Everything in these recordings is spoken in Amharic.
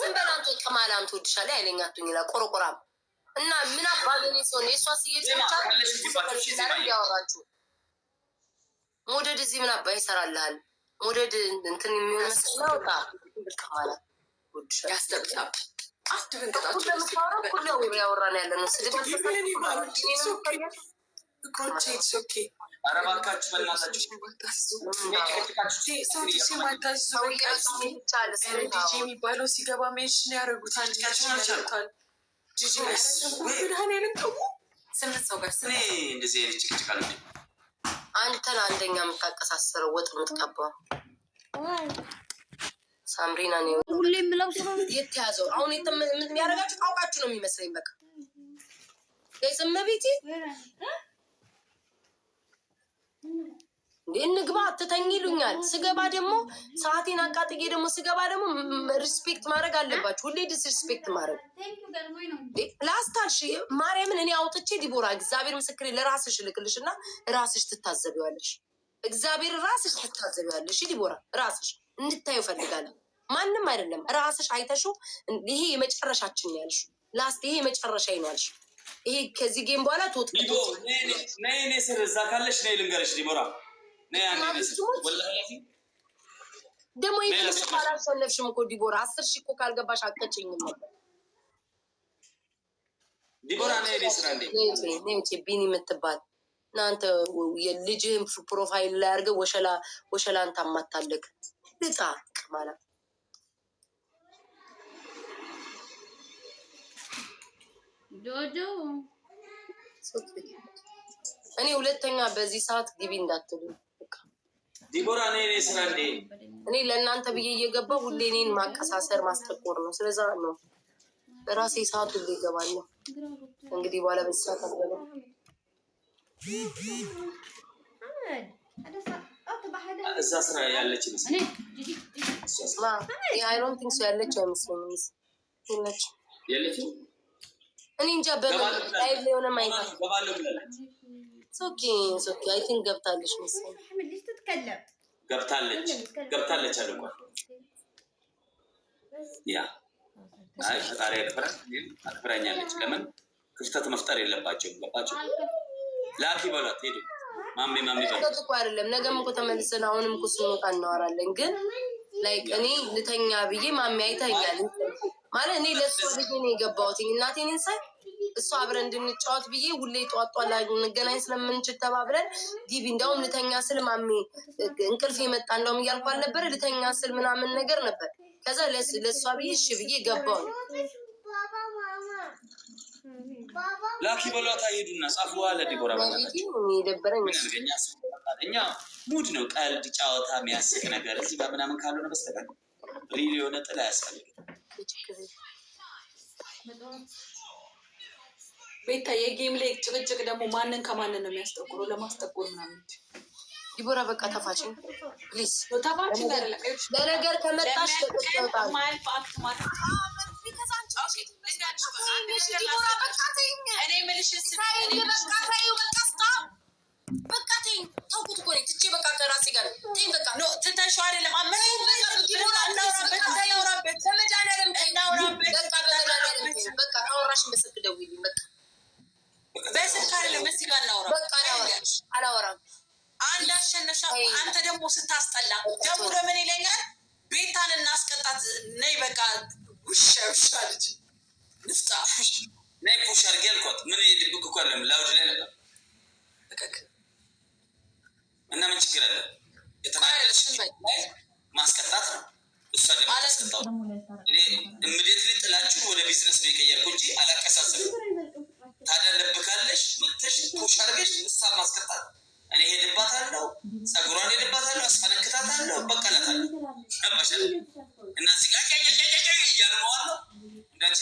ዝም በል አንተ ቅማል፣ አንተ ወድሻለሁ አይለኝ አትሁኝ ይላል። እና ምን አባገኝ ሲሆን የእሷ ስየጭምቻ ያወራችሁ ሞደድ እዚህ ምን አባ ይሰራልሃል? ሞደድ እንትን የሚሆንመስለውጣ ያወራን ያለ ነው ስድብ ፍቅሮቼ ኦኬ የሚባለው ሲገባ ሜንሽን ያደረጉት አንተን አንደኛ የምታቀሳሰረው ወጥ የምትቀባው ሳምሪና ነው። ሁሌ የምለው የተያዘው አሁን የሚያደርጋችሁ ታውቃችሁ ነው የሚመስለኝ በቃ የስም ቤቴ እንግባ አትተኝ ይሉኛል። ስገባ ደግሞ ሰዓቴን አቃጥጌ ደግሞ ስገባ ደግሞ ሪስፔክት ማድረግ አለባችሁ። ሁሌ ዲስሪስፔክት ማድረግ ላስታልሽ ማርያምን እኔ አውጥቼ ዲቦራ እግዚአብሔር ምስክር ለራስሽ ልክልሽ እና ራስሽ ትታዘቢዋለሽ። እግዚአብሔር ራስሽ ትታዘቢዋለሽ። ዲቦራ ራስሽ እንድታዩ ፈልጋለሁ። ማንም አይደለም ራስሽ አይተሽው ይሄ የመጨረሻችን ያልሽ ላስት ይሄ የመጨረሻ ይኗልሽ ይሄ ከዚህ ጌም በኋላ ትወጥ ነይ ስር እዛ ካለሽ ነይ ልንገርሽ ሊሞራ ደግሞ አላሸነፍሽም እኮ ዲቦራ፣ አስር ሺህ እኮ ካልገባሽ አትቀጭኝም ዲቦራ ቢኒ የምትባል እናንተ የልጅህም ፕሮፋይል ላይ አድርገህ ወሸላ ወሸላን ታማታለክ ልጣቅ ማለት ጆጆ እኔ ሁለተኛ በዚህ ሰዓት ግቢ እንዳትሉ። ዲቦራ ነ ኔ ስራ እንዴ እኔ ለእናንተ ብዬ እየገባሁ ሁሌ እኔን ማቀሳሰር ማስጠቆር ነው። ስለዛ ነው በራሴ ሰዓት ሁሌ ይገባለሁ። እንግዲህ በኋላ በዚህ ሰዓት አልበለው እዛ ስራ ያለች ይመስለኛል። አይ ዶንት ቲንክ ሶ ያለች አይመስለኝም። የለችም እኔ እንጃ በላይ የሆነ ማይታ ሶኬ አይ ቲንክ ገብታለች መሰለኝ ገብታለች ገብታለች አለ እኮ ያ ፈጣሪ አክብራኛለች። ለምን ክፍተት መፍጠር የለባቸው ገባቸው። ላኪ በሏት ሄዱ ማሜ ማሜ በሏት እኮ አይደለም። ነገም እኮ ተመልሰን አሁንም እኮ ስንወጣ እናወራለን። ግን ላይክ እኔ ልተኛ ብዬ ማሜ አይተኛል ማለት እኔ ለእሷ ልጅ ነው የገባሁት። እናቴን ሳይ እሷ አብረን እንድንጫወት ብዬ ሁሌ ጧጧ ላ እንገናኝ ስለምንችል ተባብረን ዲቪ እንዲያውም ልተኛ ስል ማሜ እንቅልፍ የመጣ እንደውም እያልኩ አልነበረ ልተኛ ስል ምናምን ነገር ነበር። ከዛ ለእሷ ብዬ እሺ ብዬ ገባሁ። ላኪ በሏት አይሄዱና ጻፉ አለ ዲቦራ እኛ ሙድ ነው ቀልድ ጫወታ የሚያስቅ ነገር እዚህ ጋር ምናምን ካልሆነ በስተቀር ሪል የሆነ ጥላ አያስፈልግም። ጭቅጭቅ ቤት ቤታ የጌም ላይ ጭቅጭቅ ደግሞ ማንን ከማንን ነው የሚያስጠቁረው? ለማስጠቁር ምናምን ዲቦራ በቃ ተፋጭ ፕሊዝ ተፋጭ ነገር ከመጣሽ ማል ፋክት ማለት አላወራም። አንድ አሸነሻ። አንተ ደግሞ ስታስጠላ ደግሞ ለምን ይለኛል? ቤታን እናስቀጣት። ነይ በቃ ውሻ ውሻ ልጅ ንፍጣ ነይ ፑሽ አድርጌ አልኳት። ምን ድብቅ እኮ አለም ላውድ ላይ ነበር እና ምን ችግር አለ? የተናገረች ማስቀጣት ነው። እሷ ደግሞ ታስቀጣው። እምዴት ጥላችሁ ወደ ቢዝነስ ነው የቀየርኩ እንጂ አላቀሳሰብም። ታዲያ ልብ ካለሽ መተሽ ፑሽ አድርገሽ እሷን ማስቀጣት እኔ ሄድባታለሁ፣ ጸጉሯን ሄድባታለሁ፣ አስፈነክታታለሁ፣ በቀላታለሁ። ገባሻል? እና እዚህ ጋር እያልመዋለሁ እንዳንቺ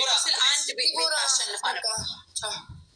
ወደ አንድ ቤት አሸንፋለሁ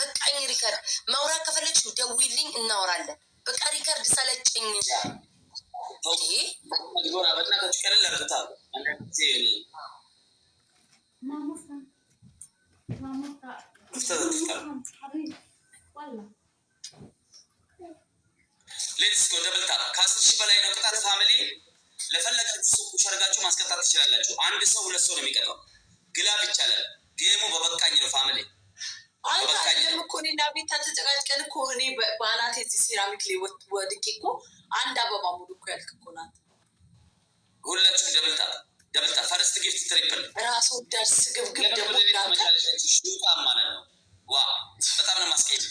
በቃኝ። ሪከርድ ማውራት ከፈለግሽ ደውይልኝ፣ እናወራለን። በቃ ሪከርድ ሰለጨኝ። ሌትስ ጎ ደብል ታፕ ከአስር ሺህ በላይ ነው ቅጣት። ፋሚሊ ለፈለጋችሁ ሱቁ ሸርጋችሁ ማስቀጣት ትችላላችሁ። አንድ ሰው ሁለት ሰው ነው የሚቀጣው። ግላብ ይቻላል። ጌሙ በበቃኝ ነው ፋሚሊ በበቃኝ እኔና ቤታ ተጨቃጭቀን እኮ እኔ በአናቴ እዚህ ሴራሚክ ላይ ወድቄ እኮ አንድ አበባ ሙሉ እኮ ያልክ እኮ ናት። ሁላችሁም ደብልታ ደብልታ ፈርስት ጊፍት ትሪፕል ራስ ወዳድ ስግብግብ ደግሞ ማለት ነው። ዋ በጣም ነው ማስቀሄድ።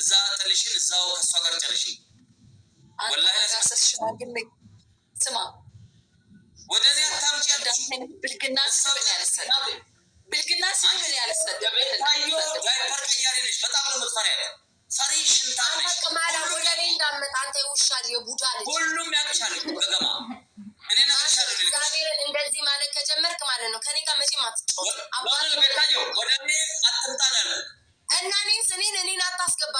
እዛ ጥልሽን እዛው ከእሷ ጋር ጨርሽ። ወላሽማግሌ ስማ ወደዚያ ታምጭ ብልግና ስብን ያነሰል ብልግና ሲሆን ያለሰደበ የቡዳ ልጅ እንደዚህ ማለት ከጀመርክ ማለት ነው ከኔ ጋር መቼም አትጫወትም። እና እኔን እኔን አታስገባ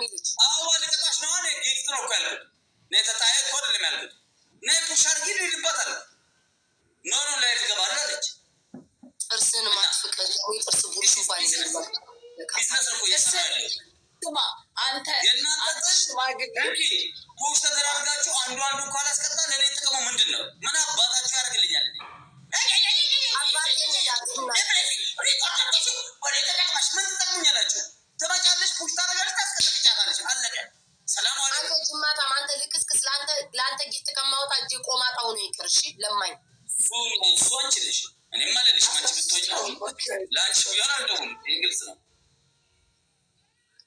ቋሚ ልጅ አዎ ልቀጣሽ ነው እኔ ጊፍት ነው እኮ ያልኩት እኔ ተጣዬ እኮ አይደለም ያልኩት እኔ ፑሽ አድርጊ ልልባታል ኖ ኖ ላይ ትገባለ አለች ጥርስን ማትፍቀል ወይ ጥርስ ቡርሽ እንኳን ቢዝነስ ነው እየሰራ ስማ አንተ የእናንተ ሽማግሌ ፑሽ ተደራርጋችሁ አንዱ አንዱ እንኳን አስቀጣ ለእኔ ጥቅሙ ምንድን ነው ምን አባታችሁ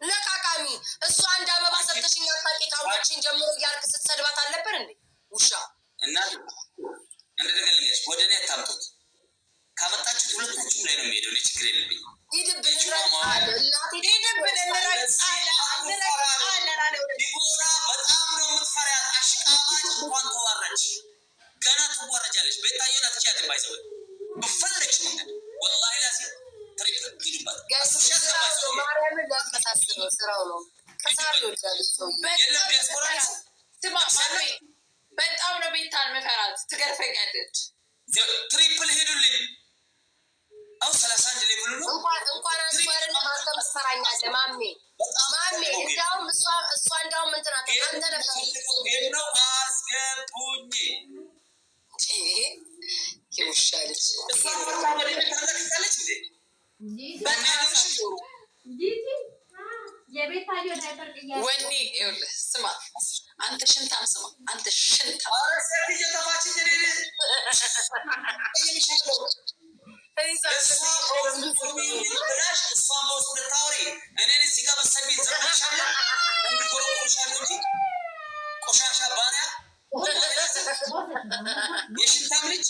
ነቃቃሚ እሱ አንድ አበባ ሰተሽኛ ታቂ ካሎችን ጀምሮ እያልክ ስትሰድባት አልነበር እንዴ? ውሻ እና እንደደገልኛች ወደ እኔ አታምጡት። ካመጣችሁ ሁለታችሁም ላይ ነው የሚሄደው። ችግር የለብኝ። ዲቦራ በጣም ነው የምትፈሪያት። ገና መንገድ ስራው ነው። በጣም ነው። ቤታን መፈራት ትገርፈኛለች። ትሪፕል ሄዱልኝ አሁን ሰላሳ አንድ ላይ ብሎ ነው እንኳን እንኳን አንስባለ ማሰብ ሰራኛለ ማሜ ልነግርህ። ስማ አንተ ሽንታም፣ ስማ አንተ ሽንታም። ቆሻሻ ባሪያ የሽንታም ልጅ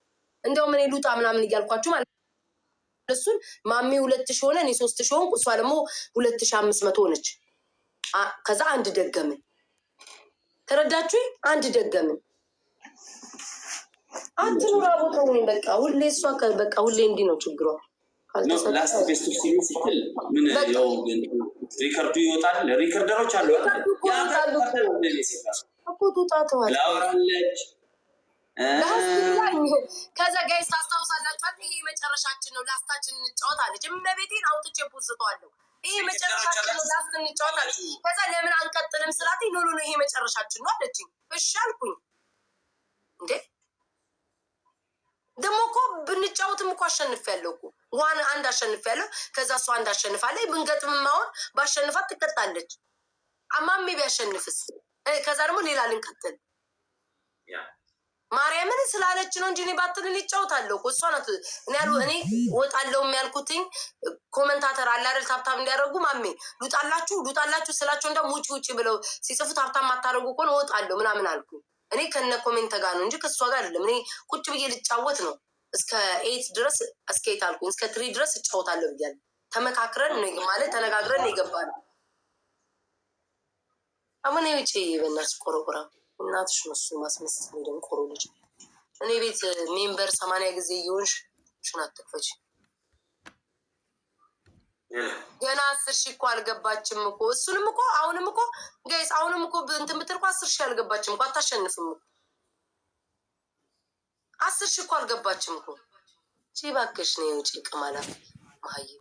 እንደውም እኔ ሉጣ ምናምን እያልኳችሁ ማለት እሱን ማሚ ሁለት ሺ ሆነ እኔ ሶስት ሺ ሆንኩ እሷ ደግሞ ሁለት ሺ አምስት መቶ ሆነች። ከዛ አንድ ደገምን። ተረዳችሁ? አንድ ደገምን። አትኑራ ቦታ ወይ በቃ ሁሌ እሷ በቃ ሁሌ እንዲህ ነው ችግሯ። ሪከርዱ ይወጣል። ሪከርደሮች አሉ ጣተዋል ከዛ ጋይስ ታስታውሳላችኋል። ይሄ መጨረሻችን ነው፣ ላስታችን እንጫወት እመቤቴን አውጥቼ ቦዝተዋለሁ። ይሄ መጨረሻችን ነው፣ ላስት እንጫወት ከዛ ለምን አንቀጥልም ስላት ኖ ነው ይሄ መጨረሻችን ነው አለችኝ። እሺ አልኩኝ። እንዴ ደግሞ እኮ ብንጫወትም እኮ ያለው እኮ ዋን አንድ ያለው ከዛ እሷ አንድ አሸንፋለች። ብንገጥምም አሁን ባሸንፋት ትቀጣለች። አማሜ ቢያሸንፍስ? ከዛ ደግሞ ሌላ ልንቀጥል ማርያምን ስላለች ነው እንጂ እኔ ባትልል ይጫወታለሁ እኮ እሷ ናት። እኔ እኔ ወጣለሁ የሚያልኩትኝ ኮመንታተር አለ አይደል? ታብታብ እንዲያደርጉ ማሜ ሉጣላችሁ ሉጣላችሁ ስላቸው እንደ ውጭ ውጭ ብለው ሲጽፉ ታብታብ ማታደርጉ እኮ ወጣለሁ ምናምን አልኩ። እኔ ከነ ኮሜንት ጋር ነው እንጂ ከእሷ ጋር አይደለም። እኔ ቁጭ ብዬ ልጫወት ነው እስከ ኤት ድረስ እስከ ኤት አልኩ እስከ ትሪ ድረስ እጫወታለሁ ብያለሁ። ተመካክረን ማለት ተነጋግረን ይገባል። አሁን ውጭ በናስ ቆረቆራ እናትሽ ነው እሱን ማስመሰል የደንቆሮ ልጅ። እኔ ቤት ሜምበር ሰማንያ ጊዜ እየሆንሽ ሽን አትክፈች። ገና አስር ሺህ እኮ አልገባችም እኮ እሱንም እኮ አሁንም እኮ ጋይስ አሁንም እኮ እንትን ምትል እኮ አስር ሺህ አልገባችም እኮ አታሸንፍም እኮ አስር ሺህ እኮ አልገባችም እኮ ቺ እባክሽ ነው የውጭ ቅማላ ማየ